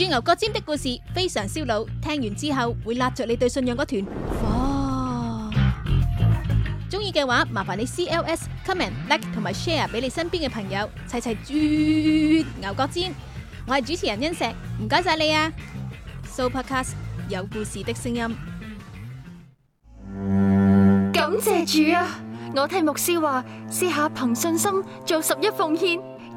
鑽牛角尖的故事非常燒腦，聽完之後會拉著你對信仰嗰團火。中意嘅話，麻煩你 CLS、comment、like 同埋 share 俾你身邊嘅朋友，齊齊鑽牛角尖。我係主持人恩石，唔該晒你啊！Sooopodcast 有故事的聲音，感謝主啊！我聽牧師話，試下憑信心做十一奉獻。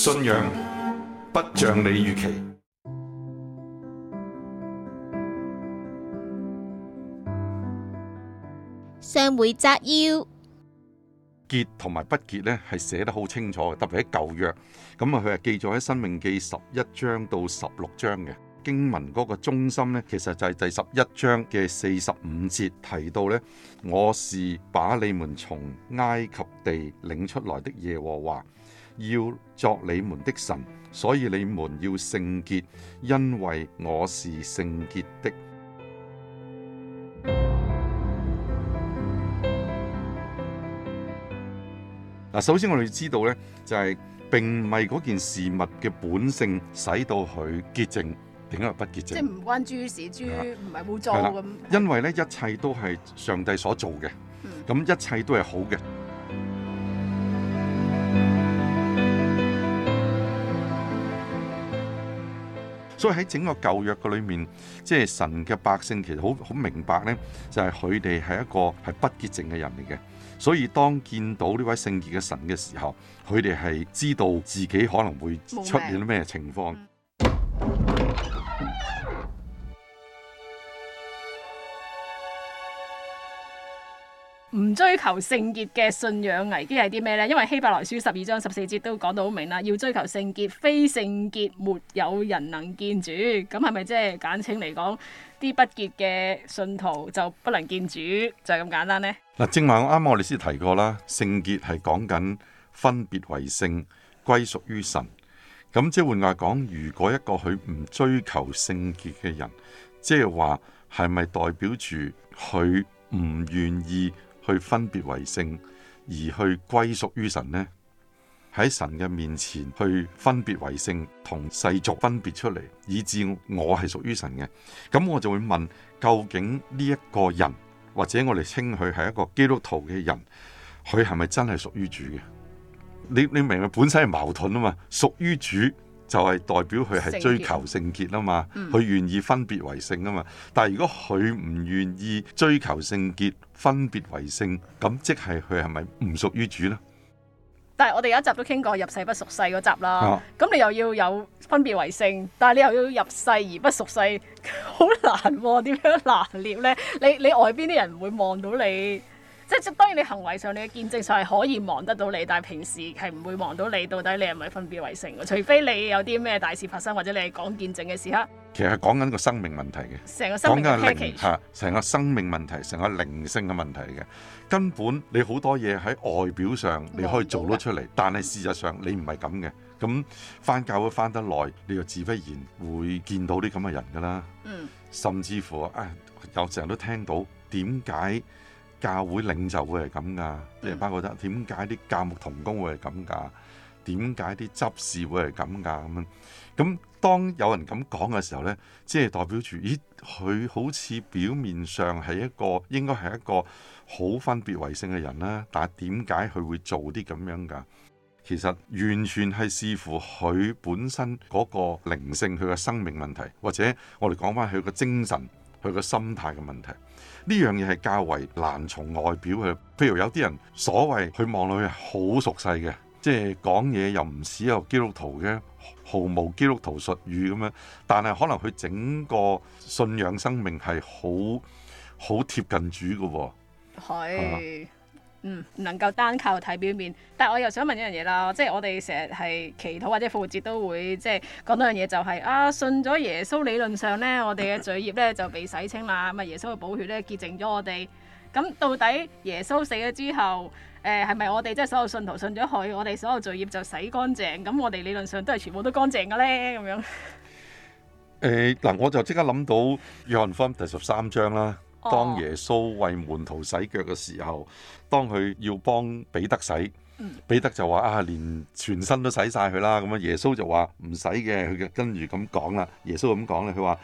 信仰不像你預期。上回摘要潔同埋不潔咧，係寫得好清楚，特別喺舊約。咁啊，佢係記載喺《生命記》十一章到十六章嘅經文嗰個中心咧，其實就係第十一章嘅四十五節提到咧，我是把你們從埃及地領出來的耶和華。要作你們的神，所以你們要聖潔，因為我是聖潔的。嗱，首先我哋知道呢就係、是、並唔係嗰件事物嘅本性使到佢潔淨，點解又不潔淨？即係唔關豬事，豬唔係冇做。因為呢一切都係上帝所做嘅，咁、嗯、一切都係好嘅。所以喺整個舊約嘅裏面，即係神嘅百姓其實好好明白呢，就係佢哋係一個係不潔淨嘅人嚟嘅。所以當見到呢位聖潔嘅神嘅時候，佢哋係知道自己可能會出現咩情況。唔追求聖潔嘅信仰危機係啲咩呢？因為希伯來書十二章十四節都講到好明啦，要追求聖潔，非聖潔沒有人能見主。咁係咪即係簡稱嚟講，啲不潔嘅信徒就不能見主，就係咁簡單呢。嗱，正話啱啱我哋先提過啦，聖潔係講緊分別為聖，歸屬於神。咁即係換話講，如果一個佢唔追求聖潔嘅人，即係話係咪代表住佢唔願意？去分別為聖，而去歸屬於神呢？喺神嘅面前去分別為聖，同世俗分別出嚟，以至我係屬於神嘅。咁我就會問：究竟呢一個人或者我哋稱佢係一個基督徒嘅人，佢係咪真係屬於主嘅？你你明唔明白本身係矛盾啊嘛？屬於主。就係代表佢係追求聖潔啊嘛，佢願意分別為聖啊嘛，但係如果佢唔願意追求聖潔分別為聖，咁即係佢係咪唔屬於主呢？但係我哋有一集都傾過入世不屬世嗰集啦，咁、啊、你又要有分別為聖，但係你又要入世而不屬世，好難、啊，點樣拿捏呢？你你外邊啲人會望到你。即係當然，你行為上、你嘅見證上係可以望得到你，但係平時係唔會望到你到底你係咪分別為聖嘅？除非你有啲咩大事發生，或者你係講見證嘅時刻。其實係講緊個生命問題嘅，講緊靈係，成個生命問題，成個靈性嘅問題嘅。根本你好多嘢喺外表上你可以做得出嚟，但係事實上你唔係咁嘅。咁返教會返得耐，你就自不然會見到啲咁嘅人㗎啦。嗯，甚至乎啊，有成日都聽到點解？教會領袖會係咁噶，即係包括得點解啲教牧同工會係咁噶，點解啲執事會係咁噶咁樣？咁當有人咁講嘅時候呢，即係代表住，咦，佢好似表面上係一個應該係一個好分別為聖嘅人啦，但係點解佢會做啲咁樣噶？其實完全係視乎佢本身嗰個靈性，佢嘅生命問題，或者我哋講翻佢嘅精神。佢個心態嘅問題，呢樣嘢係較為難從外表嘅，譬如有啲人所謂佢望落去好熟悉嘅，即係講嘢又唔似有基督徒嘅，毫無基督徒術語咁樣，但係可能佢整個信仰生命係好好貼近主嘅喎。係是。嗯，唔能夠單靠睇表面，但係我又想問一樣嘢啦，即係我哋成日係祈禱或者復活節都會即係講到樣嘢，就係啊信咗耶穌理論上咧，我哋嘅罪孽咧就被洗清啦，咁啊耶穌嘅寶血咧潔淨咗我哋。咁到底耶穌死咗之後，誒係咪我哋即係所有信徒信咗佢，我哋所有罪孽就洗乾淨？咁我哋理論上都係全部都乾淨嘅咧，咁樣？誒嗱，我就即刻諗到約翰福音第十三章啦。當耶穌為門徒洗腳嘅時候，當佢要幫彼得洗，彼得就話：啊，連全身都洗晒佢啦！咁啊，耶穌就話唔洗嘅，佢就跟住咁講啦。耶穌咁講咧，佢話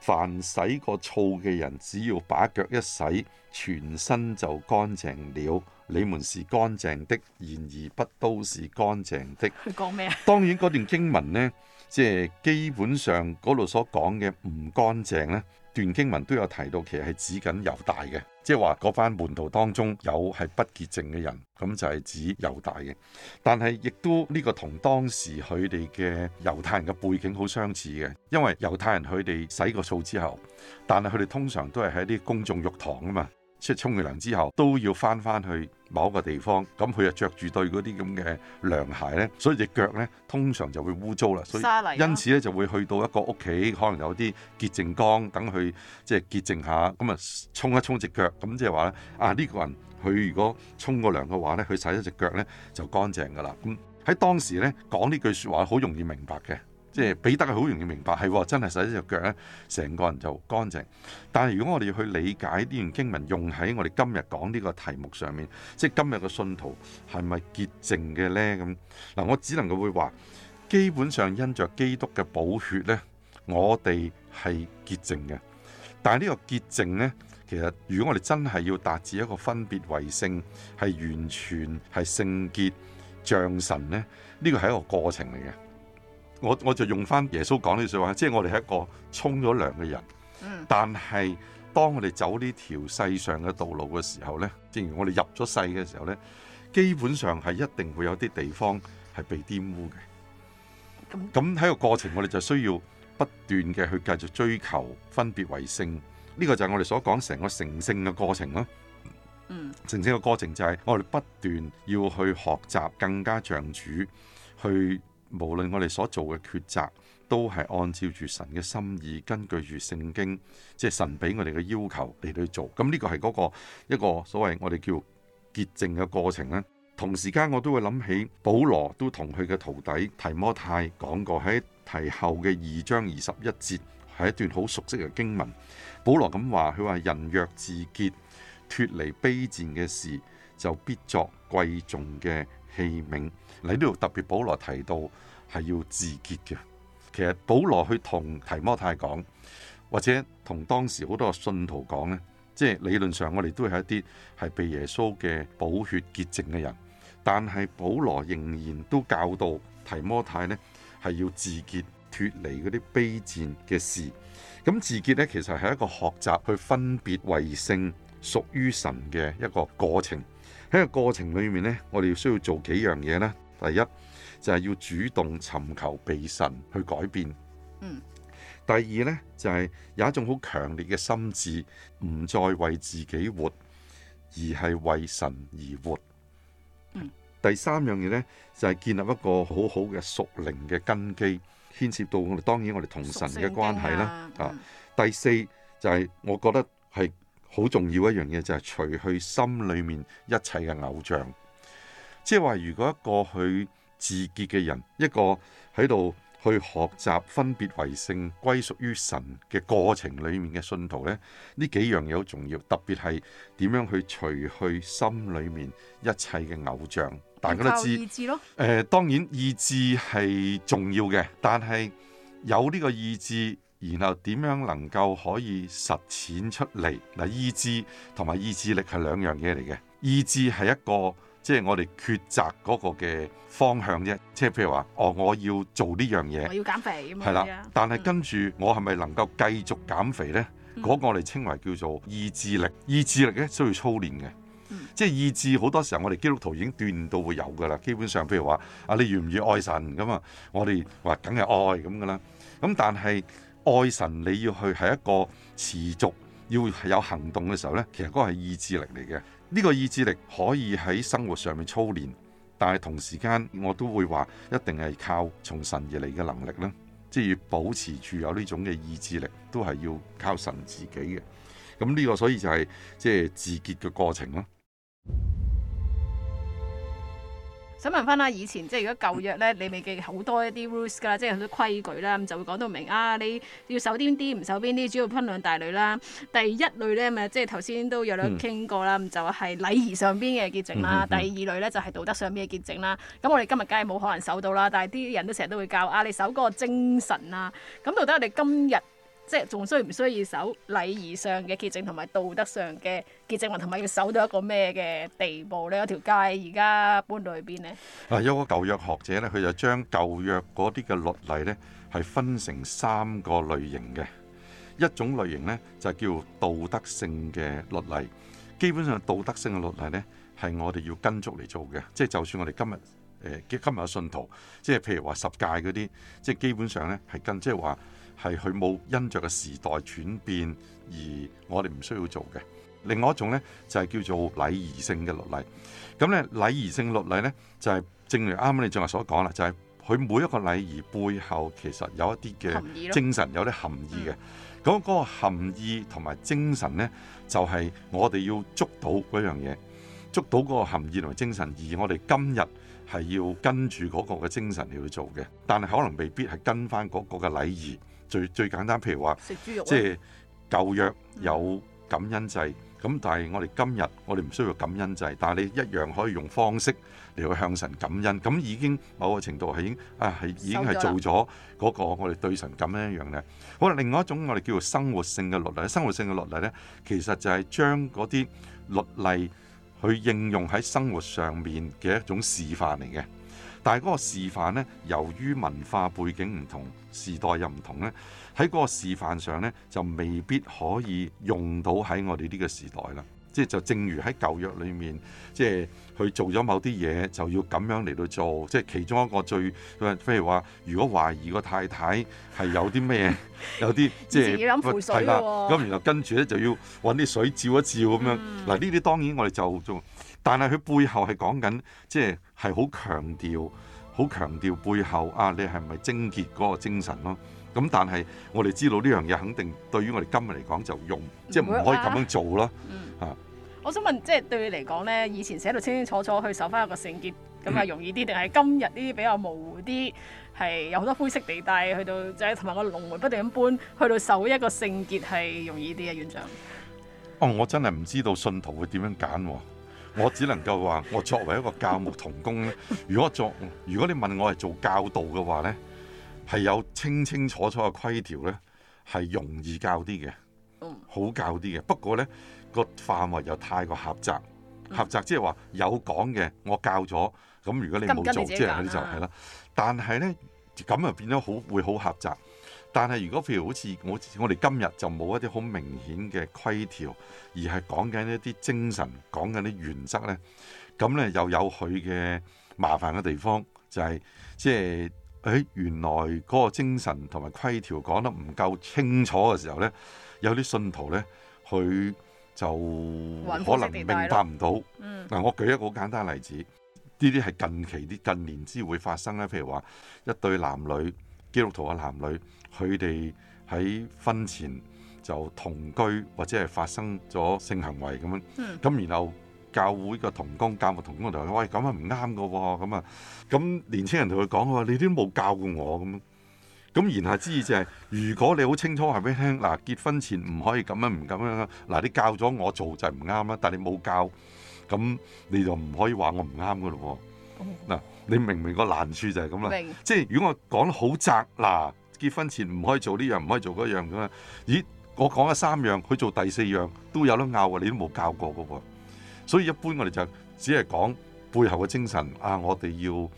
凡洗過澡嘅人，只要把腳一洗，全身就乾淨了。你們是乾淨的，然而不都是乾淨的。佢講咩啊？當然嗰段經文呢，即係基本上嗰度所講嘅唔乾淨呢。段經文都有提到，其實係指緊猶大嘅，即係話嗰班門徒當中有係不潔淨嘅人，咁就係指猶大嘅。但係亦都呢個同當時佢哋嘅猶太人嘅背景好相似嘅，因為猶太人佢哋洗過澡之後，但係佢哋通常都係喺啲公眾浴堂啊嘛。即係沖完涼之後都要翻翻去某一個地方，咁佢又着住對嗰啲咁嘅涼鞋咧，所以隻腳咧通常就會污糟啦。所以因此咧就會去到一個屋企，可能有啲潔淨缸等佢即係潔淨下，咁啊沖一沖隻腳，咁即係話咧啊呢、這個人佢如果沖個涼嘅話咧，佢洗咗隻腳咧就乾淨噶啦。咁喺當時咧講呢句説話好容易明白嘅。即係彼得佢好容易明白，係、哦、真係洗隻腳咧，成個人就乾淨。但係如果我哋要去理解呢段經文用喺我哋今日講呢個題目上面，即係今日嘅信徒係咪潔淨嘅呢？咁嗱，我只能夠會話，基本上因着基督嘅寶血呢，我哋係潔淨嘅。但係呢個潔淨呢，其實如果我哋真係要達至一個分別為聖，係完全係聖潔像神呢，呢個係一個過程嚟嘅。我我就用翻耶穌講呢句話，即係我哋係一個沖咗涼嘅人，但係當我哋走呢條世上嘅道路嘅時候呢正如我哋入咗世嘅時候呢基本上係一定會有啲地方係被玷污嘅。咁喺個過程，我哋就需要不斷嘅去繼續追求分別為聖。呢個就係我哋所講成個成聖嘅過程咯。成聖嘅過程就係我哋不斷要去學習更加像主去。無論我哋所做嘅抉擇，都係按照住神嘅心意，根據住聖經，即係神俾我哋嘅要求嚟去做。咁、這、呢個係嗰、那個一個所謂我哋叫潔淨嘅過程咧。同時間我都會諗起保羅都同佢嘅徒弟提摩太講過喺提後嘅二章二十一節，係一段好熟悉嘅經文。保羅咁話，佢話人若自潔，脱離卑賤嘅事，就必作貴重嘅器皿。你呢度特別，保羅提到係要自潔嘅。其實保羅去同提摩太講，或者同當時好多信徒講咧，即係理論上我哋都係一啲係被耶穌嘅寶血潔淨嘅人，但係保羅仍然都教導提摩太咧係要自潔，脫離嗰啲卑賤嘅事。咁自潔咧，其實係一個學習去分別為聖、屬於神嘅一個過程。喺個過程裏面咧，我哋要需要做幾樣嘢咧。第一就係、是、要主動尋求被神去改變。嗯。第二呢就係、是、有一種好強烈嘅心智，唔再為自己活，而係為神而活。嗯。第三樣嘢呢，就係、是、建立一個好好嘅屬靈嘅根基，牽涉到我哋當然我哋同神嘅關係啦。啊嗯啊。第四就係我覺得係好重要一樣嘢，就係、是、除去心裏面一切嘅偶像。即係話，如果一個去自潔嘅人，一個喺度去學習分別為聖、歸屬於神嘅過程裏面嘅信徒呢，呢幾樣嘢好重要。特別係點樣去除去心裏面一切嘅偶像。大家都知，誒、呃、當然意志係重要嘅，但係有呢個意志，然後點樣能夠可以實踐出嚟嗱？意志同埋意志力係兩樣嘢嚟嘅，意志係一個。即係我哋抉擇嗰個嘅方向啫，即係譬如話，哦，我要做呢樣嘢，我要減肥係啦，但係跟住我係咪能夠繼續減肥咧？嗰、嗯、個我哋稱為叫做意志力，意志力咧需要操練嘅，嗯、即係意志好多時候我哋基督徒已經鍛煉到會有噶啦。基本上譬如話，啊，你願唔願愛神咁啊？我哋話梗係愛咁噶啦。咁但係愛神你要去係一個持續。要係有行動嘅時候呢，其實嗰個係意志力嚟嘅。呢個意志力可以喺生活上面操練，但係同時間我都會話，一定係靠從神而嚟嘅能力啦。即係要保持住有呢種嘅意志力，都係要靠神自己嘅。咁呢個所以就係即係自潔嘅過程咯。想問翻啦，以前即係如果舊約咧，你未記好多一啲 rules 㗎啦，即係好多規矩啦，咁就會講到明啊，你要守邊啲唔守邊啲，主要分兩大類啦。第一類咧咪即係頭先都有兩傾過啦，咁、嗯、就係禮儀上邊嘅潔淨啦。嗯嗯嗯、第二類咧就係、是、道德上邊嘅潔淨啦。咁我哋今日梗係冇可能守到啦，但係啲人都成日都會教啊，你守嗰個精神啊，咁到底我哋今日？即係仲需唔需要守禮儀上嘅潔淨同埋道德上嘅潔淨，同埋要守到一個咩嘅地步咧？有條界而家搬到去邊咧？嗱，有個舊約學者咧，佢就將舊約嗰啲嘅律例咧，係分成三個類型嘅。一種類型咧，就係叫道德性嘅律例。基本上道德性嘅律例咧，係我哋要跟足嚟做嘅。即係就算我哋今日誒今日嘅信徒，即係譬如話十戒嗰啲，即係基本上咧係跟，即係話。係佢冇因着個時代轉變而我哋唔需要做嘅。另外一種呢，就係叫做禮儀性嘅律例。咁咧禮儀性律例呢，就係正如啱啱你正話所講啦，就係佢每一個禮儀背後其實有一啲嘅精神，有啲含義嘅。咁嗰個含義同埋精神呢，就係我哋要捉到嗰樣嘢，捉到嗰個含義同埋精神，而我哋今日係要跟住嗰個嘅精神嚟去做嘅。但係可能未必係跟翻嗰個嘅禮儀。最最簡單，譬如話，即係舊約有感恩祭，咁但係我哋今日我哋唔需要感恩祭，但係你一樣可以用方式嚟去向神感恩，咁已經某個程度係已經啊係已經係做咗嗰個我哋對神感恩一樣嘅。好啦，另外一種我哋叫做生活性嘅律例，生活性嘅律例咧，其實就係將嗰啲律例去應用喺生活上面嘅一種示範嚟嘅。但係嗰個示範呢，由於文化背景唔同，時代又唔同呢，喺嗰個示範上呢，就未必可以用到喺我哋呢個時代啦。即係就正如喺舊約裏面，即係去做咗某啲嘢，就要咁樣嚟到做，即係其中一個最，譬如話，如果懷疑個太太係有啲咩，有啲即係，係啦。咁、嗯、然後跟住咧就要揾啲水照一照咁樣。嗱，呢啲當然我哋就做，但係佢背後係講緊，即係係好強調，好強調背後啊，你係咪貞潔嗰個精神咯？咁但係我哋知道呢樣嘢肯定對於我哋今日嚟講就用，不會即係唔可以咁樣做咯。嚇、嗯，嗯、我想問，即、就、係、是、對你嚟講咧，以前寫到清清楚楚去守翻一個聖潔，咁啊容易啲，定係、嗯、今日呢啲比較模糊啲，係有好多灰色地帶，去到就係同埋個龍門不斷咁搬，去到守一個聖潔係容易啲啊，院長。哦，我真係唔知道信徒會點樣揀喎，我只能夠話我作為一個教牧同工咧， 如果作如果你問我係做教導嘅話咧。係有清清楚楚嘅規條咧，係容易教啲嘅，好教啲嘅。不過咧，個範圍又太過狹窄，狹窄即係話有講嘅，我教咗咁，如果你冇做，即係佢就係啦。但係咧，咁就變咗好會好狹窄。但係如果譬如好似我我哋今日就冇一啲好明顯嘅規條，而係講緊一啲精神，講緊啲原則咧，咁咧又有佢嘅麻煩嘅地方，就係即係。嗯誒原來嗰個精神同埋規條講得唔夠清楚嘅時候呢，有啲信徒呢，佢就可能明白唔到。嗱，我舉一個好簡單嘅例子，呢啲係近期啲近年之會發生呢，譬如話一對男女，基督徒嘅男女，佢哋喺婚前就同居或者係發生咗性行為咁樣，咁然後。教會個同工教個同工就話：喂，咁啊係唔啱噶，咁啊咁年輕人同佢講：佢話你都冇教過我咁。咁言下之意就係，如果你好清楚係咩聽，嗱，結婚前唔可以咁樣唔咁樣啦。嗱，你教咗我做就係唔啱啦，但你冇教，咁你就唔可以話我唔啱噶咯。嗱，你明唔明個難處就係咁啦，即係如果我講得好窄，嗱，結婚前唔可以做呢樣，唔可以做嗰樣咁啦。咦，我講咗三樣，佢做第四樣都有得拗嘅，你都冇教過嘅喎。所以一般我哋就只係講背後嘅精神啊，我哋要誒、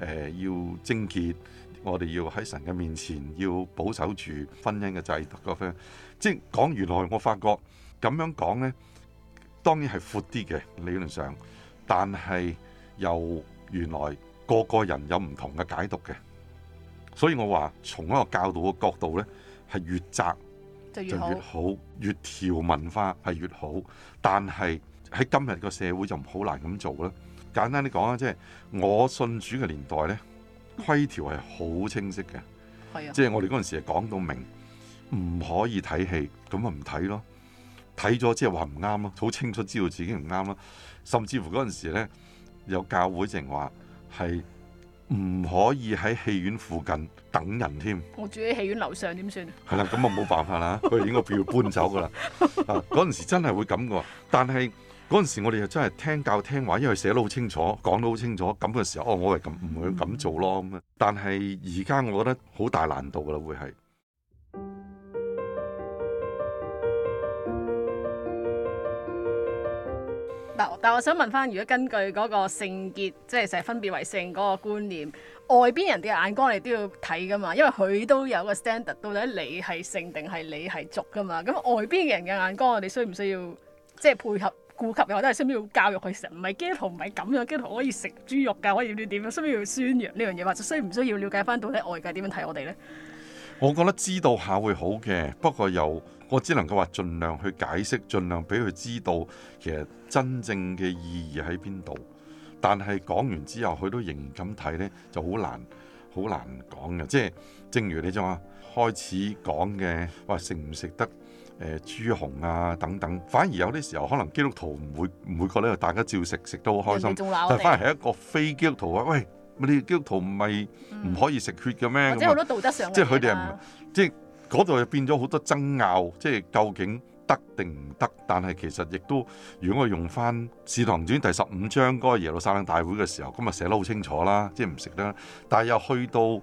呃、要貞潔，我哋要喺神嘅面前要保守住婚姻嘅制度，個即係講，原來我發覺咁樣講呢，當然係闊啲嘅理論上，但係又原來個個人有唔同嘅解讀嘅，所以我話從一個教導嘅角度呢，係越窄就越好，越條文化係越好，但係。喺今日個社會就唔好難咁做啦。簡單啲講啊，即係我信主嘅年代咧，規條係好清晰嘅，即係係啊，我哋嗰陣時係講到明，唔可以睇戲，咁啊唔睇咯。睇咗即係話唔啱咯，好清楚知道自己唔啱咯。甚至乎嗰陣時咧，有教會淨話係唔可以喺戲院附近等人添。我住喺戲院樓上，點算？係啦，咁啊冇辦法啦，佢 應該要搬走噶啦。嗰陣時真係會咁噶，但係。嗰陣時我哋又真係聽教聽話，因為寫得好清楚，講得好清楚。咁嘅陣時候，哦，我係咁唔會咁做咯。咁、嗯、但係而家我覺得好大難度啦，會係。嗱，但我想問翻，如果根據嗰個聖潔，即係成日分別為性分別為聖嗰個觀念，外邊人嘅眼光，你都要睇噶嘛？因為佢都有個 standard，到底你係聖定係你係俗噶嘛？咁外邊的人嘅眼光須須，我哋需唔需要即係配合？顧及，又或者係需唔要教育佢食，唔係基督徒唔係咁樣，基督徒可以食豬肉㗎？可以點樣，需唔需要宣揚呢樣嘢？或者需唔需要了解翻到底外界點樣睇我哋咧？我覺得知道下會好嘅，不過又我只能夠話盡量去解釋，盡量俾佢知道其實真正嘅意義喺邊度。但係講完之後，佢都仍然咁睇咧，就好難好難講嘅。即係正如你就話開始講嘅話，食唔食得？誒豬紅啊，等等，反而有啲時候可能基督徒唔會，唔會覺得，大家照食食得好開心。但反而係一個非基督徒話：喂，你基督徒唔係唔可以食血嘅咩？嗯？即係好多道德上即係佢哋係，即係嗰度又變咗好多爭拗，即係究竟得定唔得？但係其實亦都，如果我用翻《使徒行傳》第十五章嗰個耶路撒冷大會嘅時候，咁啊，寫得好清楚啦，即係唔食得。但係又去到。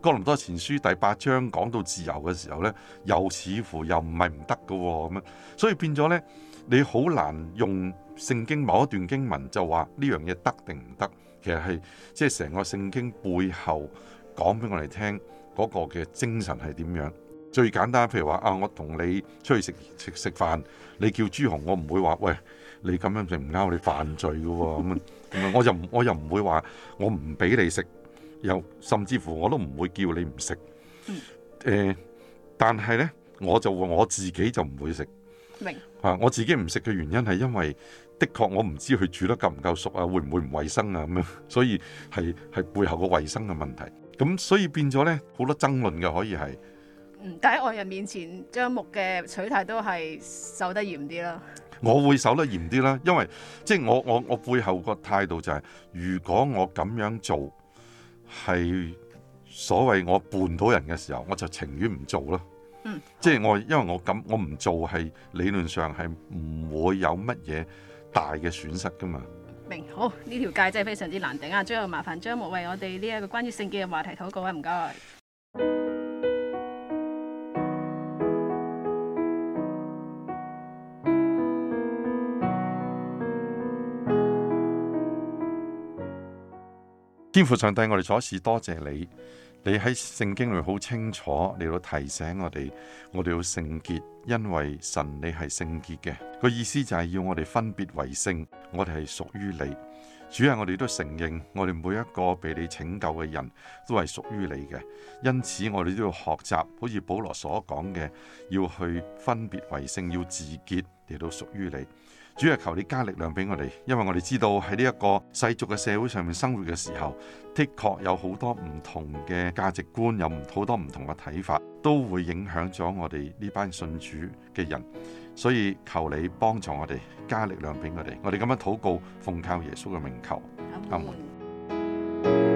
《哥林多前書》第八章講到自由嘅時候呢，又似乎又唔係唔得嘅咁樣，所以變咗呢，你好難用聖經某一段經文就話呢樣嘢得定唔得？其實係即係成個聖經背後講俾我哋聽嗰個嘅精神係點樣？最簡單，譬如話啊，我同你出去食食食飯，你叫朱紅，我唔會話喂，你咁樣食唔啱我哋犯罪嘅喎，咁啊，我又唔我又唔會話我唔俾你食。有甚至乎我都唔會叫你唔食，誒、嗯呃，但係呢，我就我自己就唔會食明白、啊，我自己唔食嘅原因係因為的確我唔知佢煮得夠唔夠熟啊，會唔會唔衛生啊咁樣，所以係係背後個衛生嘅問題。咁所以變咗呢，好多爭論嘅，可以係，但喺外人面前張牧嘅取態都係守得嚴啲啦。我會守得嚴啲啦，因為即係我我我背後個態度就係、是、如果我咁樣做。係所謂我絆到人嘅時候，我就情願唔做啦。嗯，即係我因為我咁我唔做係理論上係唔會有乜嘢大嘅損失噶嘛，明。明，好，呢條界真係非常之難頂啊！最後麻煩張牧為我哋呢一個關於聖潔嘅話題禱告啊！唔該。天父上帝，我哋再次多謝你，你喺聖經裏好清楚，你要提醒我哋，我哋要聖潔，因為神你係聖潔嘅。個意思就係要我哋分別為聖，我哋係屬於你。主啊，我哋都承認，我哋每一個被你拯救嘅人都係屬於你嘅，因此我哋都要學習，好似保羅所講嘅，要去分別為聖，要自潔，嚟到屬於你。主要求你加力量俾我哋，因為我哋知道喺呢一個世俗嘅社會上面生活嘅時候，的確有好多唔同嘅價值觀，有好多唔同嘅睇法，都會影響咗我哋呢班信主嘅人。所以求你幫助我哋，加力量俾我哋，我哋咁樣禱告，奉靠耶穌嘅名求，阿門。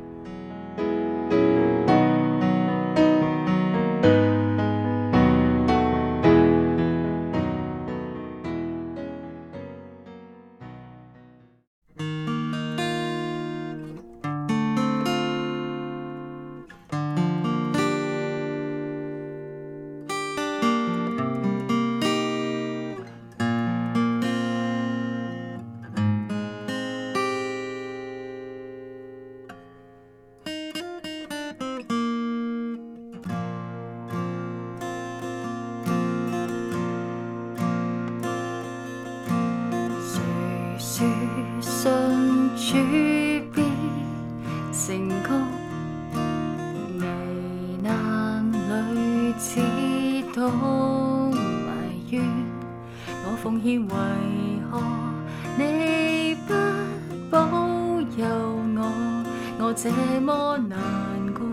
我這麼難過，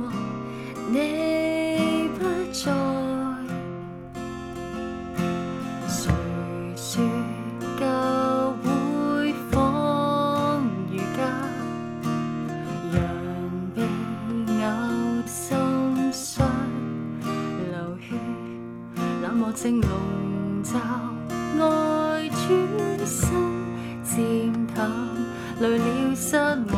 你不在。誰說教會仿如家，人被咬心傷流血，冷漠正籠罩愛轉身，漸淡累了失望。